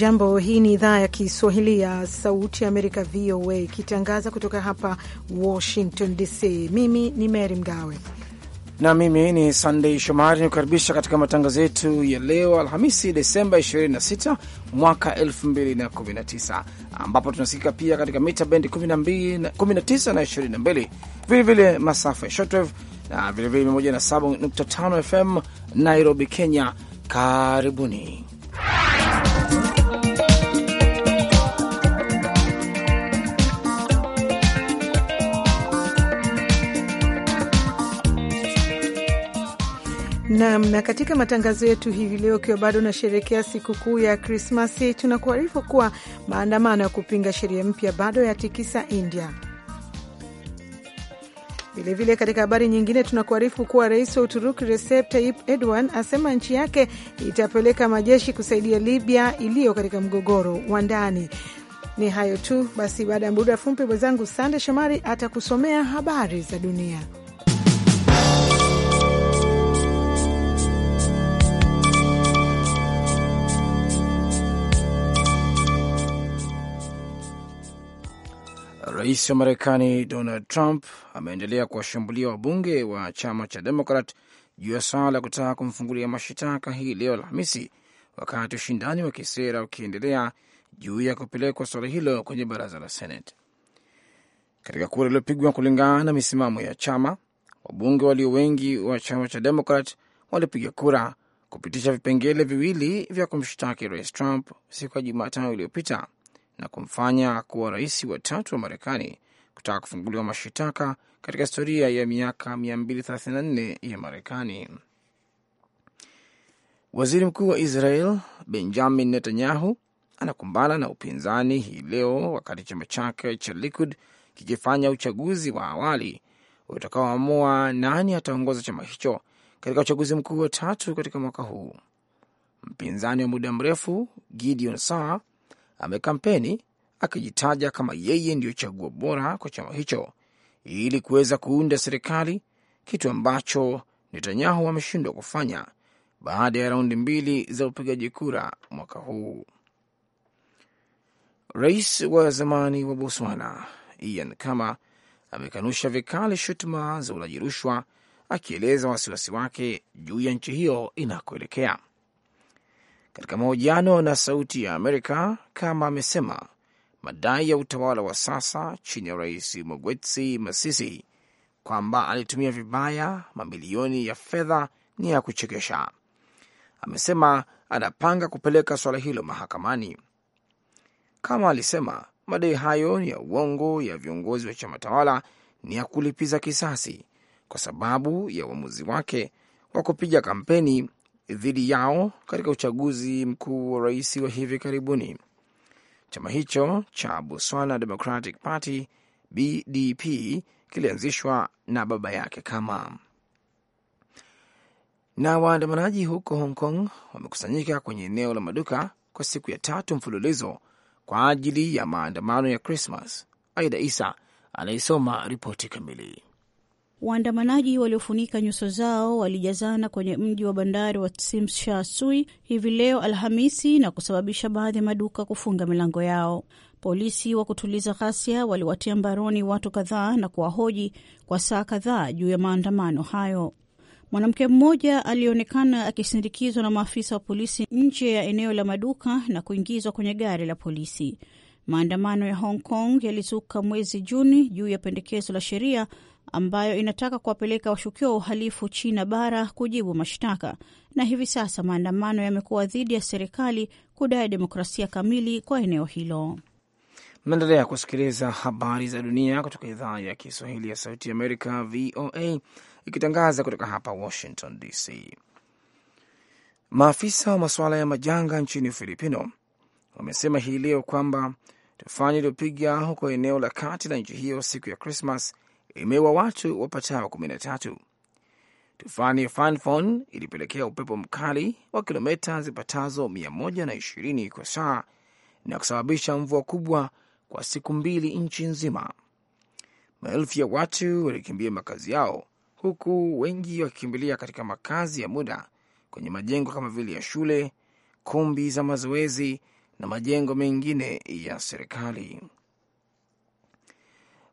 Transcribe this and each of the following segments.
Hujambo, hii ni idhaa ya Kiswahili ya Sauti ya Amerika, VOA, ikitangaza kutoka hapa Washington DC. Mimi ni Mary Mgawe na mimi ni Sandei Shomari, nikukaribisha katika matangazo yetu ya leo Alhamisi, Desemba 26 mwaka 2019, ambapo tunasikika pia katika mita bendi 19 na 22, vilevile masafa ya shortwave na vilevile 107.5 FM Nairobi, Kenya. Karibuni. Nam na katika matangazo yetu hivi leo, ukiwa bado unasherekea sikukuu ya Krismasi, tunakuarifu kuwa maandamano ya kupinga sheria mpya bado yatikisa India. Vilevile, katika habari nyingine, tunakuarifu kuwa rais wa Uturuki Recep Tayyip Erdogan asema nchi yake itapeleka majeshi kusaidia Libya iliyo katika mgogoro wa ndani. Ni hayo tu basi, baada ya muda mfupi mwenzangu Sande Shomari atakusomea habari za dunia. Rais wa Marekani Donald Trump ameendelea kuwashambulia wabunge wa chama cha Demokrat juu ya swala la kutaka kumfungulia mashitaka hii leo Alhamisi, wakati ushindani wa kisera ukiendelea juu ya kupelekwa swala hilo kwenye baraza la Senate. Katika kura iliyopigwa kulingana na misimamo ya chama, wabunge walio wengi wa chama cha Demokrat walipiga kura kupitisha vipengele viwili vya kumshtaki Rais Trump siku ya Jumatano iliyopita na kumfanya kuwa rais wa tatu wa Marekani kutaka kufunguliwa mashitaka katika historia ya miaka 234 ya Marekani. Waziri mkuu wa Israel Benjamin Netanyahu anakumbana na upinzani hii leo wakati chama chake cha Likud kikifanya uchaguzi wa awali utakaoamua nani ataongoza chama hicho katika uchaguzi mkuu wa tatu katika mwaka huu. Mpinzani wa muda mrefu Gideon Saar amekampeni akijitaja kama yeye ndiyo chaguo bora kwa chama hicho ili kuweza kuunda serikali, kitu ambacho Netanyahu ameshindwa kufanya baada ya raundi mbili za upigaji kura mwaka huu. Rais wa zamani wa Botswana Ian Khama amekanusha vikali shutuma za ulaji rushwa, akieleza wasiwasi wake juu ya nchi hiyo inakoelekea. Katika mahojiano na Sauti ya Amerika, Kama amesema madai ya utawala wa sasa chini ya Rais Mogwetsi Masisi kwamba alitumia vibaya mamilioni ya fedha ni ya kuchekesha. Amesema anapanga kupeleka suala hilo mahakamani. Kama alisema madai hayo ni ya uongo ya viongozi wa chama tawala ni ya kulipiza kisasi kwa sababu ya uamuzi wake wa kupiga kampeni dhidi yao katika uchaguzi mkuu wa rais wa hivi karibuni. Chama hicho cha Botswana Democratic Party BDP kilianzishwa na baba yake Kama. Na waandamanaji huko Hong Kong wamekusanyika kwenye eneo la maduka kwa siku ya tatu mfululizo kwa ajili ya maandamano ya Krismas. Aida Isa anaisoma ripoti kamili. Waandamanaji waliofunika nyuso zao walijazana kwenye mji wa bandari wa Simsha sui hivi leo Alhamisi na kusababisha baadhi ya maduka kufunga milango yao. Polisi wa kutuliza ghasia waliwatia mbaroni watu kadhaa na kuwahoji kwa saa kadhaa juu ya maandamano hayo. Mwanamke mmoja alionekana akisindikizwa na maafisa wa polisi nje ya eneo la maduka na kuingizwa kwenye gari la polisi. Maandamano ya Hong Kong yalizuka mwezi Juni juu ya pendekezo la sheria ambayo inataka kuwapeleka washukiwa wa uhalifu China bara kujibu mashtaka, na hivi sasa maandamano yamekuwa dhidi ya serikali kudai demokrasia kamili kwa eneo hilo. Mnaendelea kusikiliza habari za dunia kutoka idhaa ya Kiswahili ya Sauti ya Amerika, VOA, ikitangaza kutoka hapa Washington DC. Maafisa wa masuala ya majanga nchini ufilipino wamesema hii leo kwamba tufani iliyopiga huko eneo la kati la nchi hiyo siku ya Krismas imeua watu wapatao kumi na tatu. Tufani Fanfon ilipelekea upepo mkali wa kilomita zipatazo na ishirini kwa saa na kusababisha mvua kubwa kwa siku mbili nchi nzima. Maelfu ya watu walikimbia makazi yao, huku wengi wakikimbilia katika makazi ya muda kwenye majengo kama vile ya shule, kumbi za mazoezi na majengo mengine ya serikali.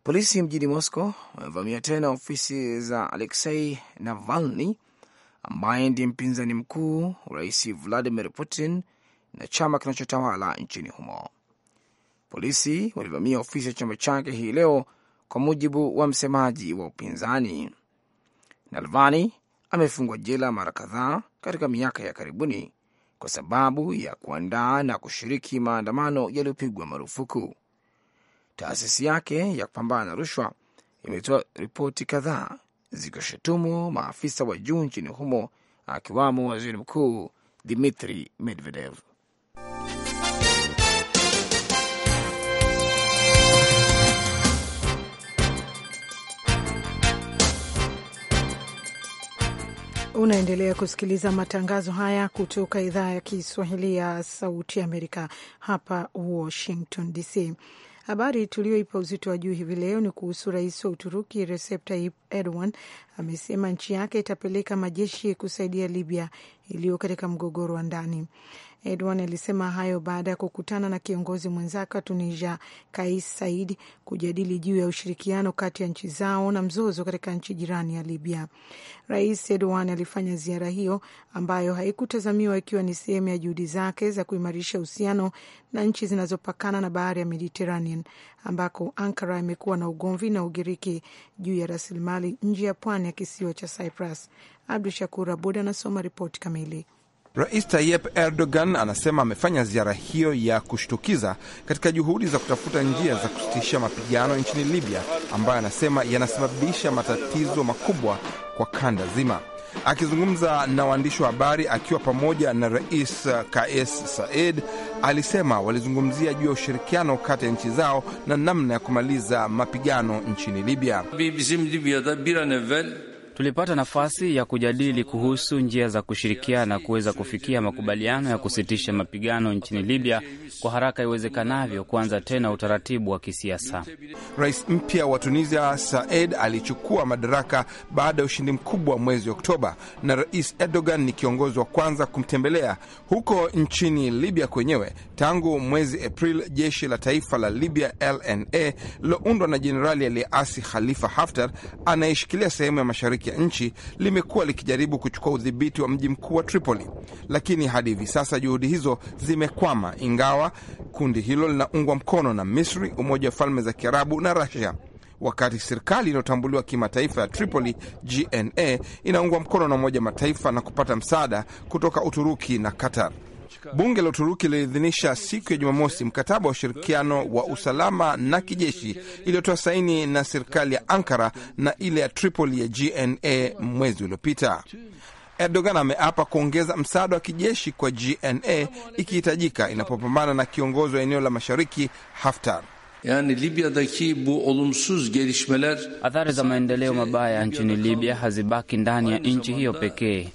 Polisi mjini Moscow wamevamia tena ofisi za Aleksei Navalny ambaye ndiye mpinzani mkuu rais Vladimir Putin na chama kinachotawala nchini humo. Polisi walivamia ofisi ya chama chake hii leo, kwa mujibu wa msemaji wa upinzani. Navalny amefungwa jela mara kadhaa katika miaka ya karibuni kwa sababu ya kuandaa na kushiriki maandamano yaliyopigwa marufuku. Taasisi yake ya kupambana na rushwa imetoa ripoti kadhaa zikishutumu maafisa wa juu nchini humo akiwamo waziri mkuu Dmitri Medvedev. Unaendelea kusikiliza matangazo haya kutoka idhaa ya Kiswahili ya Sauti Amerika hapa Washington DC. Habari tuliyoipa uzito wa juu hivi leo ni kuhusu rais wa Uturuki Recep Tayyip Erdogan amesema nchi yake itapeleka majeshi kusaidia Libya iliyo katika mgogoro wa ndani. Edwan alisema hayo baada ya kukutana na kiongozi mwenzake wa Tunisia Kais Said kujadili juu ya ushirikiano kati ya nchi zao na mzozo katika nchi jirani ya Libya. Rais Edwan alifanya ziara hiyo ambayo haikutazamiwa ikiwa ni sehemu ya juhudi zake za kuimarisha uhusiano na nchi zinazopakana na bahari ya Mediterranean ambako Ankara imekuwa na ugomvi na Ugiriki juu ya rasilimali nje ya pwani ya kisiwa cha Cyprus. Abdu Shakur Abud anasoma ripoti kamili. Rais Tayyip Erdogan anasema amefanya ziara hiyo ya kushtukiza katika juhudi za kutafuta njia za kusitisha mapigano nchini Libya ambayo anasema yanasababisha matatizo makubwa kwa kanda zima. Akizungumza na waandishi wa habari akiwa pamoja na Rais Kais Saied alisema walizungumzia juu ya ushirikiano kati ya nchi zao na namna ya kumaliza mapigano nchini Libya. Bizim Libya'da bir an evvel Tulipata nafasi ya kujadili kuhusu njia za kushirikiana kuweza kufikia makubaliano ya kusitisha mapigano nchini Libya kwa haraka iwezekanavyo, kuanza tena utaratibu wa kisiasa. Rais mpya wa Tunisia Saed alichukua madaraka baada ya ushindi mkubwa wa mwezi Oktoba, na Rais Erdogan ni kiongozi wa kwanza kumtembelea huko nchini Libya kwenyewe tangu mwezi Aprili. Jeshi la taifa la Libya LNA liloundwa na jenerali aliyeasi Khalifa Haftar anayeshikilia sehemu ya mashariki mashariki ya nchi limekuwa likijaribu kuchukua udhibiti wa mji mkuu wa Tripoli, lakini hadi hivi sasa juhudi hizo zimekwama, ingawa kundi hilo linaungwa mkono na Misri, Umoja wa Falme za Kiarabu na Rasia, wakati serikali inayotambuliwa kimataifa ya Tripoli GNA inaungwa mkono na Umoja Mataifa na kupata msaada kutoka Uturuki na Qatar. Bunge la Uturuki liliidhinisha siku ya Jumamosi mkataba wa ushirikiano wa usalama na kijeshi iliyotoa saini na serikali ya Ankara na ile ya Tripoli ya GNA mwezi uliopita. Erdogan ameapa kuongeza msaada wa kijeshi kwa GNA ikihitajika inapopambana na kiongozi wa eneo la mashariki Haftar. Yani Libya'daki bu olumsuz gelişmeler, athari za maendeleo mabaya nchini Libya hazibaki ndani ya nchi hiyo pekee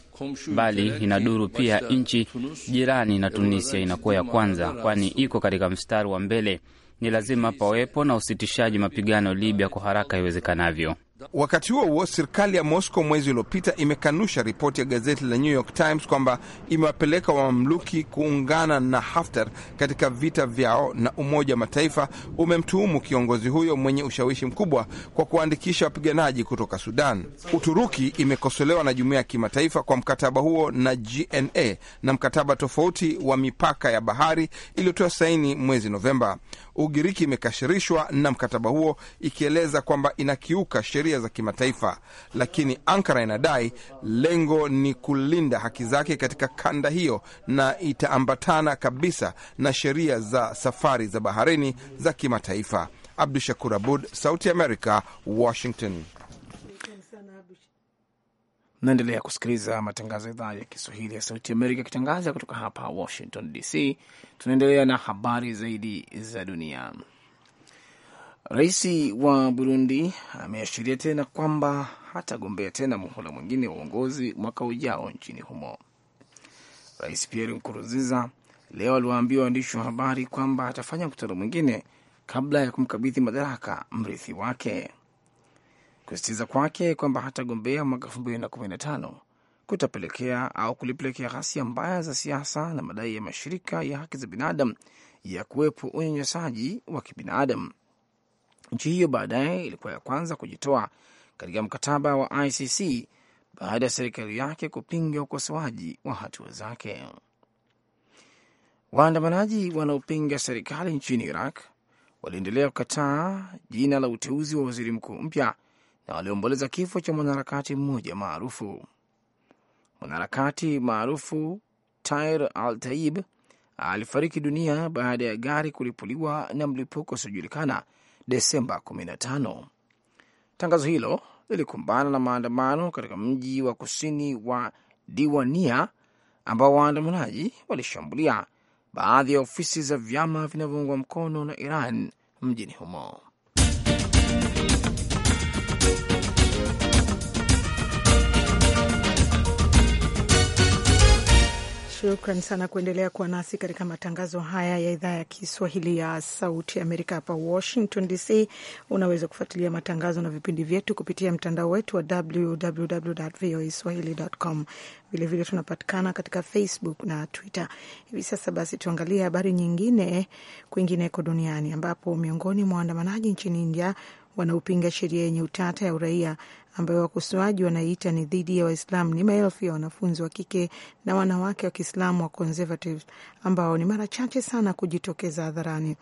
bali inaduru pia nchi jirani na Tunisia inakuwa ya kwanza, kwani iko katika mstari wa mbele. Ni lazima pawepo na usitishaji mapigano Libya kwa haraka iwezekanavyo. Wakati huo huo, serikali ya Moscow mwezi uliopita imekanusha ripoti ya gazeti la New York Times kwamba imewapeleka wamamluki kuungana na Haftar katika vita vyao, na Umoja wa Mataifa umemtuhumu kiongozi huyo mwenye ushawishi mkubwa kwa kuandikisha wapiganaji kutoka Sudan. Uturuki imekosolewa na jumuiya ya kimataifa kwa mkataba huo na GNA na mkataba tofauti wa mipaka ya bahari iliyotoa saini mwezi Novemba. Ugiriki imekashirishwa na mkataba huo ikieleza kwamba inakiuka sheria sheria za kimataifa, lakini Ankara inadai lengo ni kulinda haki zake katika kanda hiyo na itaambatana kabisa na sheria za safari za baharini za kimataifa. Abdu Shakur Abud, Sauti America, Washington. Naendelea kusikiliza matangazo ya idhaa ya Kiswahili ya Sauti Amerika ikitangaza kutoka hapa Washington DC. Tunaendelea na habari zaidi za dunia. Rais wa Burundi ameashiria tena kwamba hatagombea tena muhula mwingine wa uongozi mwaka ujao nchini humo. Rais Pierre Nkurunziza leo aliwaambia waandishi wa habari kwamba atafanya mkutano mwingine kabla ya kumkabidhi madaraka mrithi wake. Kusitiza kwake kwamba hatagombea mwaka elfu mbili na kumi na tano kutapelekea au kulipelekea ghasia mbaya za siasa na madai ya mashirika ya haki za binadamu ya kuwepo unyanyasaji wa kibinadamu Nchi hiyo baadaye ilikuwa ya kwanza kujitoa katika mkataba wa ICC baada ya serikali yake kupinga ukosoaji wa hatua zake. Waandamanaji wanaopinga serikali nchini Iraq waliendelea kukataa jina la uteuzi wa waziri mkuu mpya na waliomboleza kifo cha mwanaharakati mmoja maarufu. Mwanaharakati maarufu Tair al Taib alifariki dunia baada ya gari kulipuliwa na mlipuko usiojulikana Desemba 15. Tangazo hilo lilikumbana na maandamano katika mji wa kusini wa Diwania ambao waandamanaji walishambulia baadhi ya ofisi za vyama vinavyoungwa mkono na Iran mjini humo. Shukran sana kuendelea kuwa nasi katika matangazo haya ya idhaa ya Kiswahili ya Sauti Amerika hapa Washington DC. Unaweza kufuatilia matangazo na vipindi vyetu kupitia mtandao wetu wa swahilicom Vilevile tunapatikana katika Facebook na Twitter. Hivi sasa basi, tuangalie habari nyingine kwingineko duniani, ambapo miongoni mwa waandamanaji nchini India wanaopinga sheria yenye utata ya uraia ambayo wakosoaji wanaiita ni dhidi ya waislam ni maelfu ya wanafunzi wa kike na wanawake wa Kiislamu wa conservative ambao ni mara chache sana kujitokeza hadharani.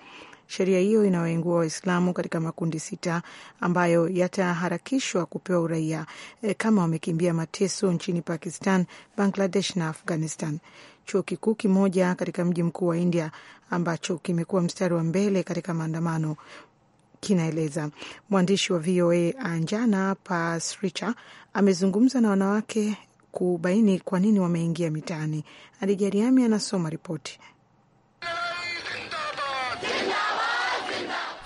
Sheria hiyo inawaingua Waislamu katika makundi sita ambayo yataharakishwa kupewa uraia e, kama wamekimbia mateso nchini Pakistan, Bangladesh na Afghanistan. Chuo kikuu kimoja katika mji mkuu wa India ambacho kimekuwa mstari wa mbele katika maandamano kinaeleza. Mwandishi wa VOA Anjana Pasricha amezungumza na wanawake kubaini kwa nini wameingia mitaani. adigariami anasoma ripoti.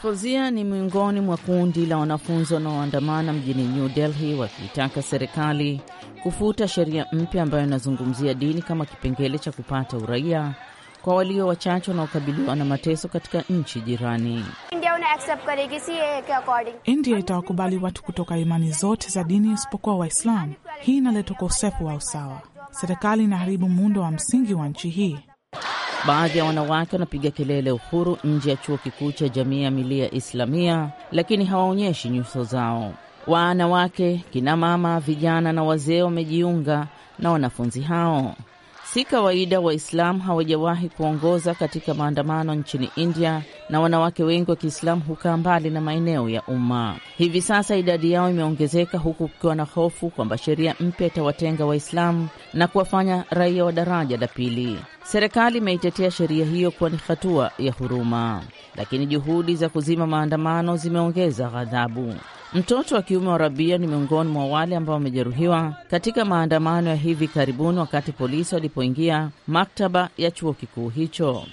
Fozia ni miongoni mwa kundi la wanafunzi wanaoandamana mjini New Delhi wakiitaka serikali kufuta sheria mpya ambayo inazungumzia dini kama kipengele cha kupata uraia kwa walio wachache wanaokabiliwa na mateso katika nchi jirani accept karegi CAA ke according. India itawakubali watu kutoka imani zote za dini isipokuwa Waislamu. Hii inaleta ukosefu wa usawa. Serikali inaharibu muundo wa msingi wa nchi hii. Baadhi ya wanawake wanapiga kelele uhuru nje ya chuo kikuu cha jamii ya milia Islamia, lakini hawaonyeshi nyuso zao. Wanawake, kinamama, vijana na wazee wamejiunga na wanafunzi hao. Si kawaida Waislamu hawajawahi kuongoza katika maandamano nchini India, na wanawake wengi wa Kiislamu hukaa mbali na maeneo ya umma. Hivi sasa idadi yao imeongezeka, huku kukiwa na hofu kwamba sheria mpya itawatenga Waislamu na kuwafanya raia wa daraja la pili. Serikali imeitetea sheria hiyo kuwa ni hatua ya huruma, lakini juhudi za kuzima maandamano zimeongeza ghadhabu. Mtoto wa kiume wa Rabia ni miongoni mwa wale ambao wamejeruhiwa katika maandamano ya hivi karibuni wakati polisi walipoingia maktaba ya chuo kikuu hicho.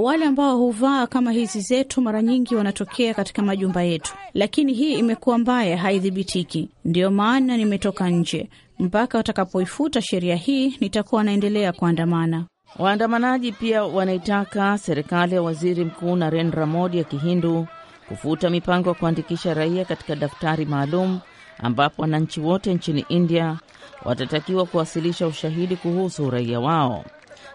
Wale ambao huvaa kama hizi zetu mara nyingi wanatokea katika majumba yetu, lakini hii imekuwa mbaya, haidhibitiki. Ndiyo maana nimetoka nje. Mpaka watakapoifuta sheria hii, nitakuwa naendelea kuandamana. Waandamanaji pia wanaitaka serikali ya waziri mkuu Narendra Modi ya Kihindu kufuta mipango ya kuandikisha raia katika daftari maalum ambapo wananchi wote nchini India watatakiwa kuwasilisha ushahidi kuhusu uraia wao.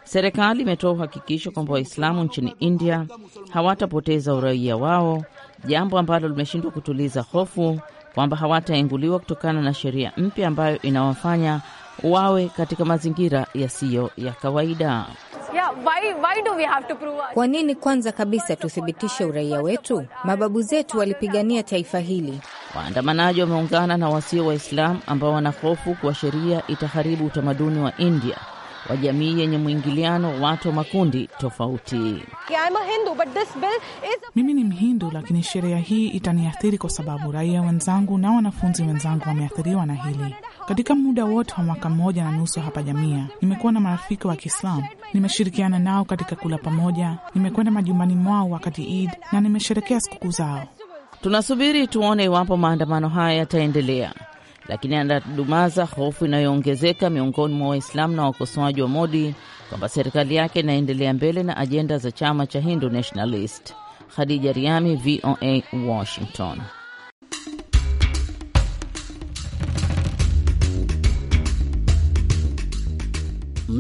Serikali imetoa uhakikisho kwamba Waislamu nchini India hawatapoteza uraia wao, jambo ambalo limeshindwa kutuliza hofu kwamba hawataenguliwa kutokana na sheria mpya ambayo inawafanya wawe katika mazingira yasiyo ya kawaida. Yeah, why, why do we have to prove... Kwa nini kwanza kabisa tuthibitishe uraia wetu? Mababu zetu walipigania taifa hili. Waandamanaji wameungana na wasio Waislamu ambao wanahofu kuwa sheria itaharibu utamaduni wa India wa jamii yenye mwingiliano watu wa makundi tofauti. Yeah, Hindu, is... mimi ni Mhindu lakini sheria hii itaniathiri kwa sababu raia wenzangu na wanafunzi wenzangu wameathiriwa na hili. Katika muda wote wa mwaka mmoja na nusu hapa Jamia, nimekuwa na marafiki wa Kiislamu, nimeshirikiana nao katika kula pamoja, nimekwenda majumbani mwao wakati Eid na nimesherekea sikukuu zao. Tunasubiri tuone iwapo maandamano haya yataendelea, lakini anadumaza hofu inayoongezeka miongoni mwa Waislamu na wakosoaji wa Modi kwamba serikali yake inaendelea mbele na ajenda za chama cha Hindu Nationalist. Khadija Riami, VOA, Washington.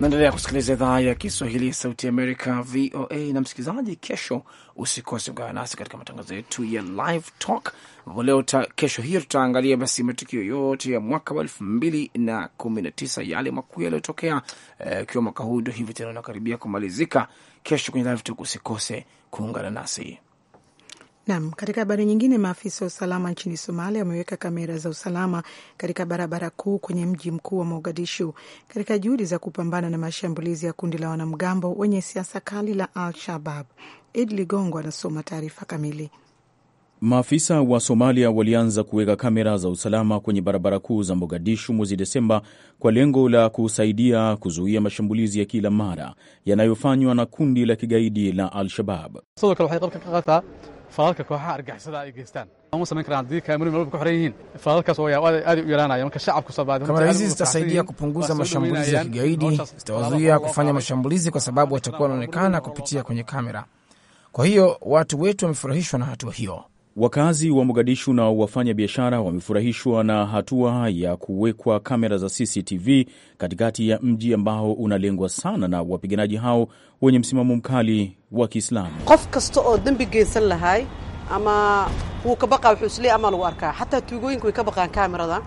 Naendelea kusikiliza idhaa ya Kiswahili ya Sauti ya Amerika, VOA. Na msikilizaji, kesho usikose kuungana nasi katika matangazo yetu ya Live Talk ambapo leo. Kesho hiyo tutaangalia basi matukio yote ya mwaka wa elfu mbili na kumi na tisa yale makuu yaliyotokea, eh, ikiwa eh, mwaka huu ndo hivi tena unakaribia kumalizika. Kesho kwenye Live Talk usikose kuungana nasi. Nam, katika habari nyingine, maafisa wa usalama nchini Somalia wameweka kamera za usalama katika barabara kuu kwenye mji mkuu wa Mogadishu katika juhudi za kupambana na mashambulizi ya kundi la wanamgambo wenye siasa kali la Al Shabab. Ed Ligongo anasoma taarifa kamili. Maafisa wa Somalia walianza kuweka kamera za usalama kwenye barabara kuu za Mogadishu mwezi Desemba kwa lengo la kusaidia kuzuia mashambulizi ya kila mara yanayofanywa na kundi la kigaidi la Al-Shabab falalka kooxaha argagixisada ay geystaan Kamera hizi zitasaidia kupunguza mashambulizi ya kigaidi, zitawazuia kufanya mashambulizi kwa sababu watakuwa wanaonekana kupitia kwenye kamera. Kwa hiyo watu wetu wamefurahishwa na hatua hiyo. Wakazi wa Mogadishu na wafanya biashara wamefurahishwa na hatua ya kuwekwa kamera za CCTV katikati ya mji ambao unalengwa sana na wapiganaji hao wenye msimamo mkali wa Kiislamu. qof kasta oo dambi geysan lahay ama wuu ka baqaa wuxuu isleeyahay ama lagu arkaa hata tuugooyinka way ka baqaan kamerada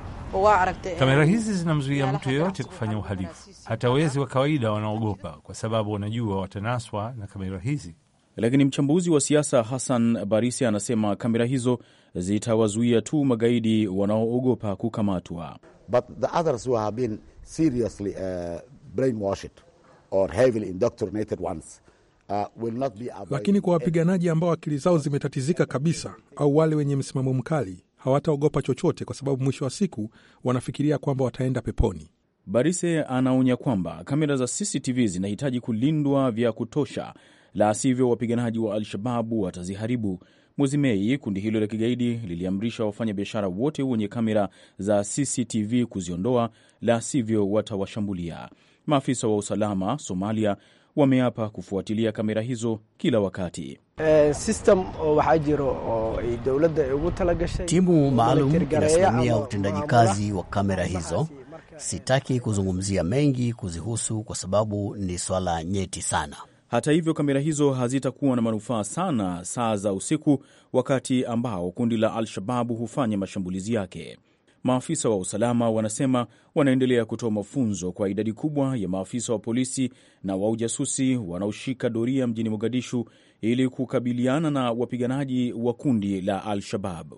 ee, Kamera hizi zinamzuia mtu yeyote kufanya uhalifu. Hata wezi wa kawaida wanaogopa, kwa sababu wanajua watanaswa na kamera hizi. Lakini mchambuzi wa siasa Hassan Barisi anasema kamera hizo zitawazuia tu magaidi wanaoogopa kukamatwa. Lakini kwa wapiganaji ambao akili zao zimetatizika kabisa au wale wenye msimamo mkali hawataogopa chochote, kwa sababu mwisho wa siku wanafikiria kwamba wataenda peponi. Barise anaonya kwamba kamera za CCTV zinahitaji kulindwa vya kutosha la sivyo wapiganaji wa Al-Shababu wataziharibu. Mwezi Mei, kundi hilo la kigaidi liliamrisha wafanyabiashara wote wenye kamera za CCTV kuziondoa, la sivyo watawashambulia. Maafisa wa usalama Somalia wameapa kufuatilia kamera hizo kila wakati. Eh, eh, Timu maalum inasimamia utendaji kazi wa kamera hizo. Sitaki kuzungumzia mengi kuzihusu kwa sababu ni swala nyeti sana. Hata hivyo, kamera hizo hazitakuwa na manufaa sana saa za usiku, wakati ambao kundi la Al-Shababu hufanya mashambulizi yake. Maafisa wa usalama wanasema wanaendelea kutoa mafunzo kwa idadi kubwa ya maafisa wa polisi na wa ujasusi wanaoshika doria mjini Mogadishu ili kukabiliana na wapiganaji wa kundi la Al-Shabab.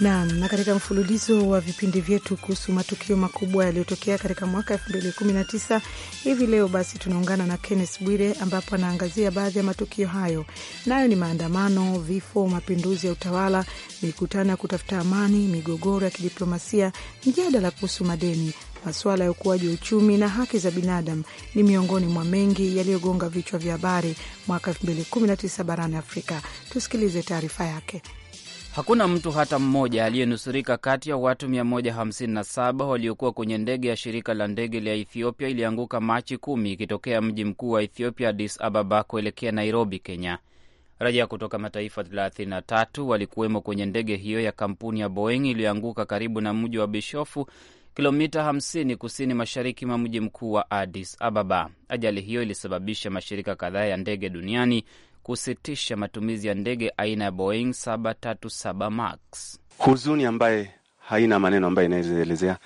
Naam, na katika mfululizo wa vipindi vyetu kuhusu matukio makubwa yaliyotokea katika mwaka tisa hivi leo basi tunaungana na Kenneth Bwire ambapo anaangazia baadhi ya matukio hayo, nayo ni maandamano, vifo, mapinduzi ya utawala, mikutano ya kutafuta amani, migogoro ya kidiplomasia, mjadala kuhusu madeni, masuala ya ukuaji wa uchumi na haki za binadamu ni miongoni mwa mengi yaliyogonga vichwa vya habari mwaka tisa barani Afrika. Tusikilize taarifa yake. Hakuna mtu hata mmoja aliyenusurika kati ya watu 157 waliokuwa kwenye ndege ya shirika la ndege la Ethiopia ilianguka Machi kumi ikitokea mji mkuu wa Ethiopia, Addis Ababa, kuelekea Nairobi, Kenya. Raia kutoka mataifa 33 walikuwemo kwenye ndege hiyo ya kampuni ya Boeing iliyoanguka karibu na mji wa Bishofu, kilomita 50 kusini mashariki mwa mji mkuu wa Addis Ababa. Ajali hiyo ilisababisha mashirika kadhaa ya ndege duniani kusitisha matumizi ya ndege aina ya Boeing 737 Max. Huzuni ambaye haina maneno ambayo inaweza elezea,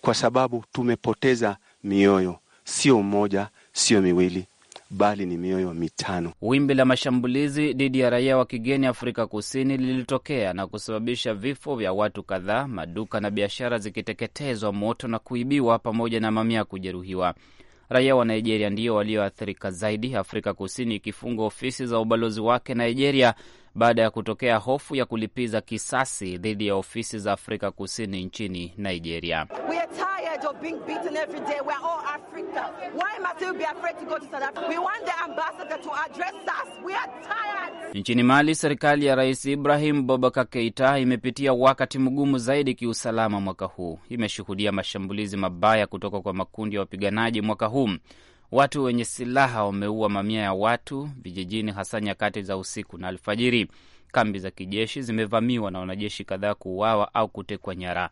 kwa sababu tumepoteza mioyo, sio mmoja, sio miwili, bali ni mioyo mitano. Wimbi la mashambulizi dhidi ya raia wa kigeni Afrika Kusini lilitokea na kusababisha vifo vya watu kadhaa, maduka na biashara zikiteketezwa moto na kuibiwa, pamoja na mamia kujeruhiwa. Raia wa Nigeria ndio walioathirika zaidi, Afrika Kusini ikifunga ofisi za ubalozi wake Nigeria baada ya kutokea hofu ya kulipiza kisasi dhidi ya ofisi za Afrika Kusini nchini Nigeria. Nchini Mali, serikali ya Rais Ibrahim Bobakar Keita imepitia wakati mgumu zaidi kiusalama mwaka huu. Imeshuhudia mashambulizi mabaya kutoka kwa makundi ya wapiganaji mwaka huu. Watu wenye silaha wameua mamia ya watu vijijini, hasa nyakati za usiku na alfajiri. Kambi za kijeshi zimevamiwa na wanajeshi kadhaa kuuawa au kutekwa nyara.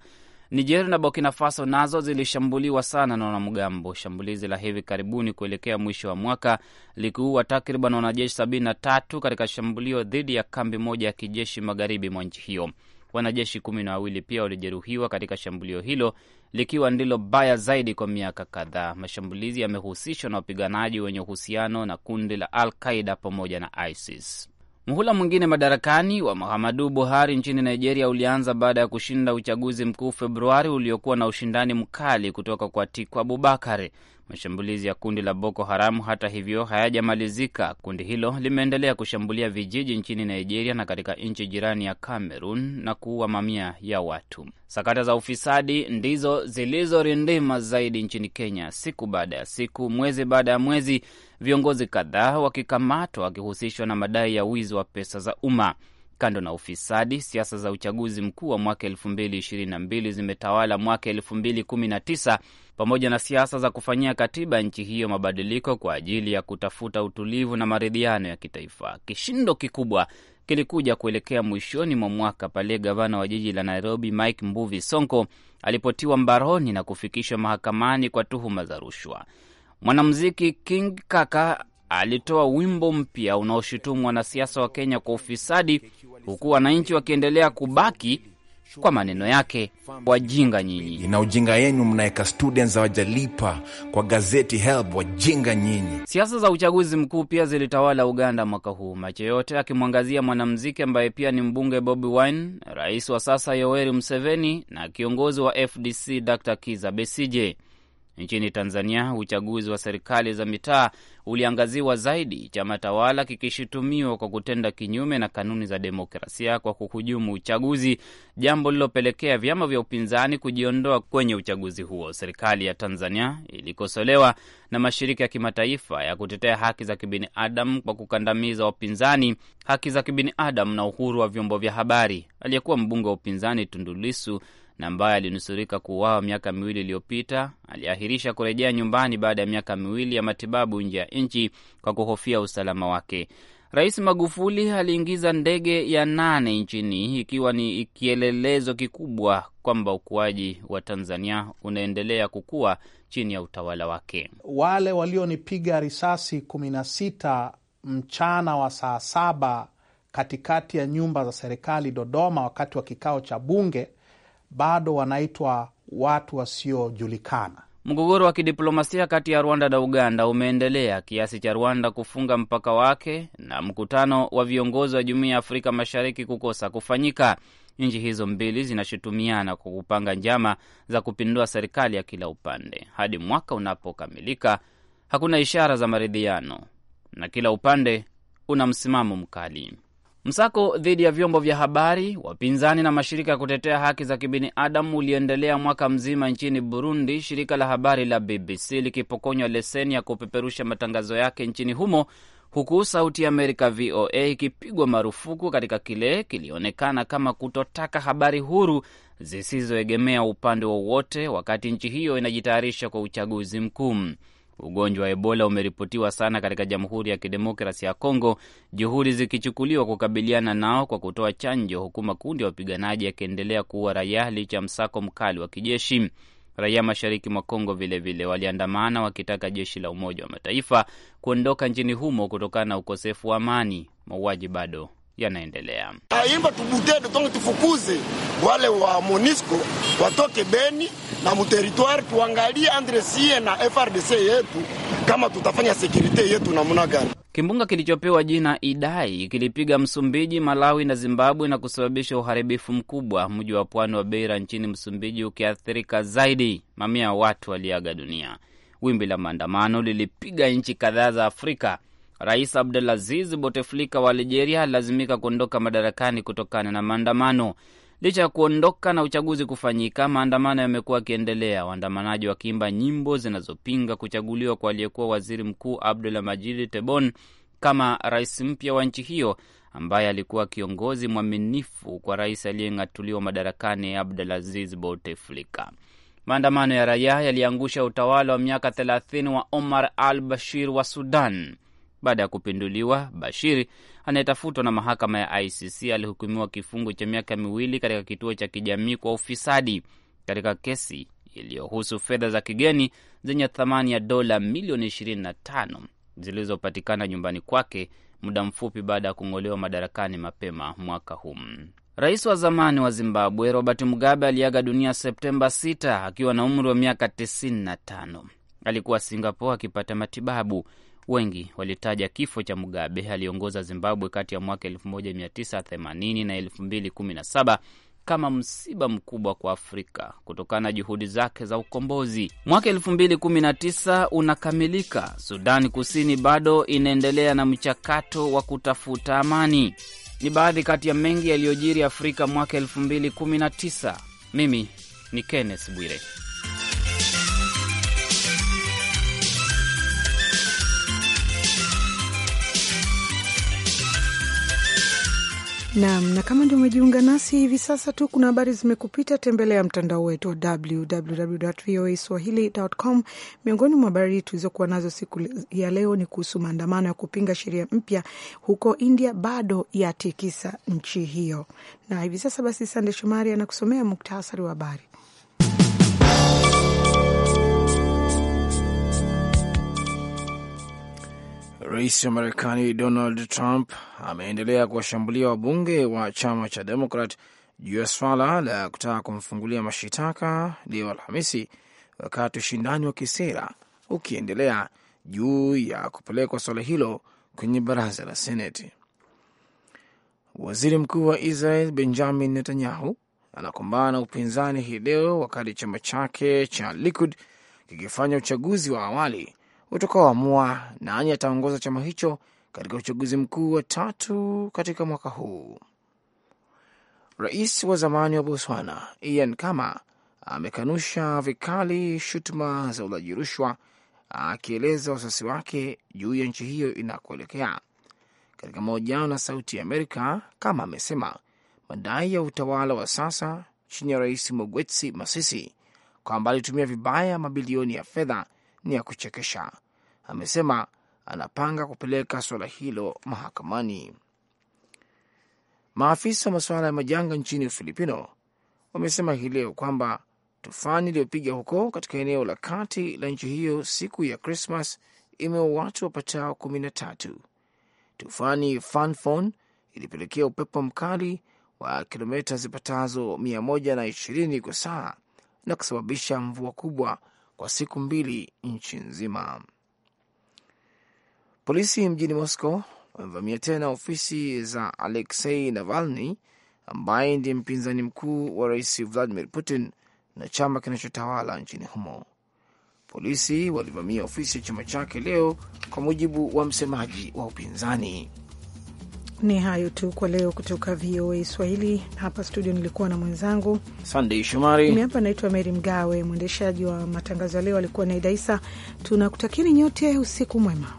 Niger na Burkina Faso nazo zilishambuliwa sana na wanamgambo. Shambulizi la hivi karibuni kuelekea mwisho wa mwaka likiua takriban wanajeshi sabini na tatu katika shambulio dhidi ya kambi moja ya kijeshi magharibi mwa nchi hiyo. Wanajeshi kumi na wawili pia walijeruhiwa katika shambulio hilo likiwa ndilo baya zaidi kwa miaka kadhaa. Mashambulizi yamehusishwa na wapiganaji wenye uhusiano na kundi la Al Qaida pamoja na ISIS. Mhula mwingine madarakani wa Muhammadu Buhari nchini Nigeria ulianza baada ya kushinda uchaguzi mkuu Februari uliokuwa na ushindani mkali kutoka kwa Tiku Abubakar. Mashambulizi ya kundi la Boko Haramu hata hivyo hayajamalizika. Kundi hilo limeendelea kushambulia vijiji nchini Nigeria na katika nchi jirani ya Cameroon na kuua mamia ya watu. Sakata za ufisadi ndizo zilizorindima zaidi nchini Kenya, siku baada ya siku, mwezi baada ya mwezi, viongozi kadhaa wakikamatwa wakihusishwa na madai ya wizi wa pesa za umma. Kando na ufisadi, siasa za uchaguzi mkuu wa mwaka 2022 zimetawala mwaka 2019 pamoja na siasa za kufanyia katiba nchi hiyo mabadiliko kwa ajili ya kutafuta utulivu na maridhiano ya kitaifa. Kishindo kikubwa kilikuja kuelekea mwishoni mwa mwaka pale gavana wa jiji la Nairobi Mike Mbuvi Sonko alipotiwa mbaroni na kufikishwa mahakamani kwa tuhuma za rushwa. Mwanamuziki King Kaka alitoa wimbo mpya unaoshutumu wanasiasa wa Kenya kwa ufisadi, huku wananchi wakiendelea kubaki kwa maneno yake, wajinga nyinyi na ujinga yenu, mnaweka students hawajalipa kwa gazeti help, wajinga nyinyi. Siasa za uchaguzi mkuu pia zilitawala Uganda mwaka huu, macho yote akimwangazia mwanamuziki ambaye pia ni mbunge Bobi Wine, rais wa sasa Yoweri Museveni na kiongozi wa FDC Dr Kiza Besije. Nchini Tanzania, uchaguzi wa serikali za mitaa uliangaziwa zaidi, chama tawala kikishutumiwa kwa kutenda kinyume na kanuni za demokrasia kwa kuhujumu uchaguzi, jambo lililopelekea vyama vya upinzani kujiondoa kwenye uchaguzi huo. Serikali ya Tanzania ilikosolewa na mashirika ya kimataifa ya kutetea haki za kibinadamu kwa kukandamiza wapinzani, haki za kibinadamu na uhuru wa vyombo vya habari. Aliyekuwa mbunge wa upinzani tundulisu na ambaye alinusurika kuuawa miaka miwili iliyopita aliahirisha kurejea nyumbani baada ya miaka miwili ya matibabu nje ya nchi kwa kuhofia usalama wake. Rais Magufuli aliingiza ndege ya nane nchini ikiwa ni kielelezo kikubwa kwamba ukuaji wa Tanzania unaendelea kukua chini ya utawala wake. Wale walionipiga risasi kumi na sita mchana wa saa saba katikati ya nyumba za serikali Dodoma, wakati wa kikao cha Bunge bado wanaitwa watu wasiojulikana. Mgogoro wa kidiplomasia kati ya Rwanda na Uganda umeendelea kiasi cha Rwanda kufunga mpaka wake na mkutano wa viongozi wa Jumuiya ya Afrika Mashariki kukosa kufanyika. Nchi hizo mbili zinashutumiana kwa kupanga njama za kupindua serikali ya kila upande. Hadi mwaka unapokamilika, hakuna ishara za maridhiano na kila upande una msimamo mkali. Msako dhidi ya vyombo vya habari, wapinzani na mashirika ya kutetea haki za kibinadamu uliendelea mwaka mzima nchini Burundi, shirika la habari la BBC likipokonywa leseni ya kupeperusha matangazo yake nchini humo, huku Sauti ya Amerika VOA ikipigwa marufuku katika kile kilionekana kama kutotaka habari huru zisizoegemea upande wowote wakati nchi hiyo inajitayarisha kwa uchaguzi mkuu. Ugonjwa wa Ebola umeripotiwa sana katika Jamhuri ya Kidemokrasi ya congo juhudi zikichukuliwa kukabiliana nao kwa kutoa chanjo, huku makundi ya wapiganaji yakiendelea kuua raia licha ya msako mkali wa kijeshi. Raia mashariki mwa Kongo vilevile waliandamana wakitaka jeshi la Umoja wa Mataifa kuondoka nchini humo kutokana na ukosefu wa amani. Mauaji bado yanaendelea. Aimba tubutende tonge tufukuze wale wa Monisco watoke Beni na muteritwari, tuangalie sie na FRDC yetu kama tutafanya sekurite yetu namna gani. Kimbunga kilichopewa jina Idai kilipiga Msumbiji, Malawi na Zimbabwe na kusababisha uharibifu mkubwa, mji wa pwani wa Beira nchini Msumbiji ukiathirika zaidi. Mamia ya watu waliaga dunia. Wimbi la maandamano lilipiga nchi kadhaa za Afrika Rais Abdulaziz Bouteflika wa Algeria alilazimika kuondoka madarakani kutokana na maandamano. Licha ya kuondoka na uchaguzi kufanyika, maandamano yamekuwa yakiendelea, waandamanaji wakiimba nyimbo zinazopinga kuchaguliwa kwa aliyekuwa waziri mkuu abdula Majidi Tebboune kama rais mpya wa nchi hiyo ambaye alikuwa kiongozi mwaminifu kwa rais aliyeng'atuliwa madarakani Abdulaziz Bouteflika. Maandamano ya raia yaliangusha utawala wa miaka 30 wa Omar al Bashir wa Sudan. Baada ya kupinduliwa, Bashiri anayetafutwa na mahakama ya ICC alihukumiwa kifungo cha miaka miwili katika kituo cha kijamii kwa ufisadi katika kesi iliyohusu fedha za kigeni zenye thamani ya dola milioni 25 zilizopatikana nyumbani kwake muda mfupi baada ya kung'olewa madarakani mapema mwaka huu. Rais wa zamani wa Zimbabwe Robert Mugabe aliaga dunia Septemba 6 akiwa na umri wa miaka 95. Alikuwa Singapore akipata matibabu. Wengi walitaja kifo cha Mugabe aliongoza Zimbabwe kati ya mwaka 1980 na 2017 kama msiba mkubwa kwa Afrika kutokana na juhudi zake za ukombozi. Mwaka 2019 unakamilika, Sudani Kusini bado inaendelea na mchakato wa kutafuta amani. Ni baadhi kati ya mengi yaliyojiri Afrika mwaka 2019. Mimi ni Kenneth Bwire. Naam, na kama ndio umejiunga nasi hivi sasa tu, kuna habari zimekupita, tembelea mtandao wetu wa swahilicom Miongoni mwa habari tulizokuwa nazo siku ya leo ni kuhusu maandamano ya kupinga sheria mpya huko India bado yatikisa nchi hiyo, na hivi sasa basi, Sande Shomari anakusomea muktasari wa habari. Rais wa Marekani Donald Trump ameendelea kuwashambulia wabunge wa chama cha Demokrat juu ya swala la kutaka kumfungulia mashitaka leo Alhamisi, wakati ushindani wa kisera ukiendelea juu ya kupelekwa swala hilo kwenye baraza la Seneti. Waziri mkuu wa Israel Benjamin Netanyahu anakumbana na upinzani hii leo wakati chama chake cha Likud kikifanya uchaguzi wa awali utakaoamua nani ataongoza chama hicho katika uchaguzi mkuu wa tatu katika mwaka huu. Rais wa zamani wa Botswana Ian Kama amekanusha vikali shutuma za ulaji rushwa, akieleza wasiwasi wake juu ya nchi hiyo inakuelekea Katika mahojiano na Sauti ya Amerika, Kama amesema madai ya utawala wa sasa chini ya Rais Mogwetsi Masisi kwamba alitumia vibaya mabilioni ya fedha ni ya kuchekesha. Amesema anapanga kupeleka suala hilo mahakamani. Maafisa wa masuala ya majanga nchini Ufilipino wamesema hii leo kwamba tufani iliyopiga huko katika eneo la kati la nchi hiyo siku ya Krismas imeua watu wapatao kumi na tatu. Tufani Fanfon ilipelekea upepo mkali wa kilomita zipatazo mia moja na ishirini kwa saa na kusababisha mvua kubwa kwa siku mbili nchi nzima. Polisi mjini Moscow wamevamia tena ofisi za Aleksei Navalny ambaye ndiye mpinzani mkuu wa rais Vladimir Putin na chama kinachotawala nchini humo. Polisi walivamia ofisi ya chama chake leo, kwa mujibu wa msemaji wa upinzani. Ni hayo tu kwa leo kutoka VOA Swahili. Hapa studio nilikuwa na mwenzangu Sandei Shomari, mi hapa naitwa Meri Mgawe, mwendeshaji wa matangazo ya leo alikuwa Naidaisa. Tunakutakieni nyote usiku mwema.